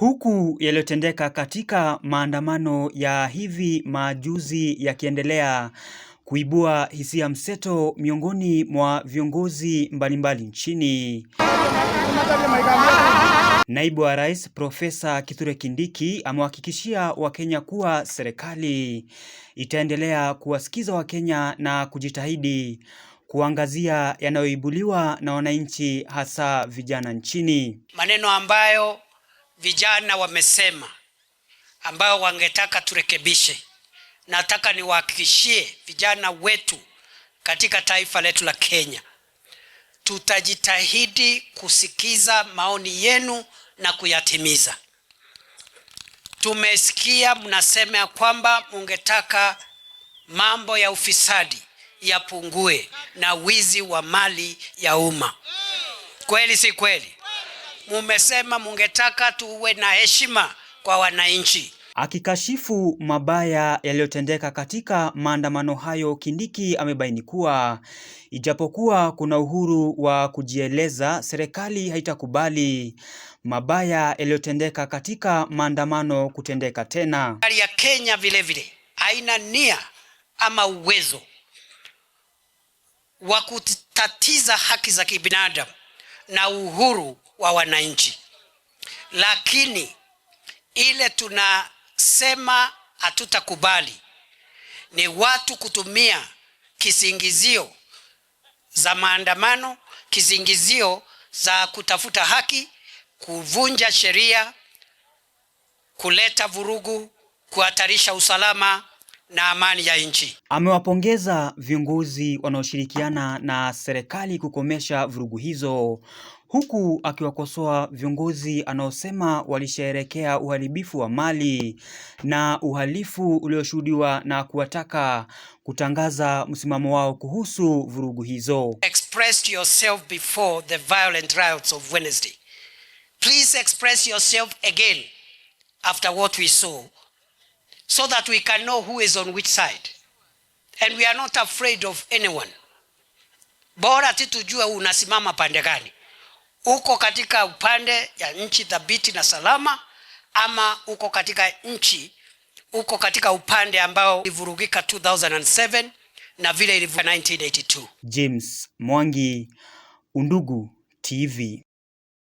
Huku yaliyotendeka katika maandamano ya hivi majuzi yakiendelea kuibua hisia mseto miongoni mwa viongozi mbalimbali nchini. Naibu wa Rais Profesa Kithure Kindiki amewahakikishia Wakenya kuwa serikali itaendelea kuwasikiza Wakenya na kujitahidi kuangazia yanayoibuliwa na wananchi hasa vijana nchini. Maneno ambayo vijana wamesema ambao wangetaka turekebishe. Nataka niwahakikishie vijana wetu katika taifa letu la Kenya, tutajitahidi kusikiza maoni yenu na kuyatimiza. Tumesikia mnasema ya kwamba mungetaka mambo ya ufisadi yapungue na wizi wa mali ya umma. Kweli si kweli? mumesema mungetaka tuwe na heshima kwa wananchi. Akikashifu mabaya yaliyotendeka katika maandamano hayo, Kindiki amebaini kuwa ijapokuwa kuna uhuru wa kujieleza, serikali haitakubali mabaya yaliyotendeka katika maandamano kutendeka tena. Serikali ya Kenya vilevile vile haina nia ama uwezo wa kutatiza haki za kibinadamu na uhuru wa wananchi, lakini ile tunasema hatutakubali ni watu kutumia kisingizio za maandamano, kisingizio za kutafuta haki, kuvunja sheria, kuleta vurugu, kuhatarisha usalama na amani ya nchi. Amewapongeza viongozi wanaoshirikiana na serikali kukomesha vurugu hizo huku akiwakosoa viongozi anaosema walisherekea uharibifu wa mali na uhalifu ulioshuhudiwa na kuwataka kutangaza msimamo wao kuhusu vurugu hizo. Express yourself before the violent riots of Wednesday. Please express yourself again after what we saw so that we can know who is on which side and we are not afraid of anyone. Bora titujue unasimama pande gani uko katika upande ya nchi thabiti na salama, ama uko katika nchi uko katika upande ambao ilivurugika 2007 na vile ilivurugika 1982. James Mwangi, Undugu TV.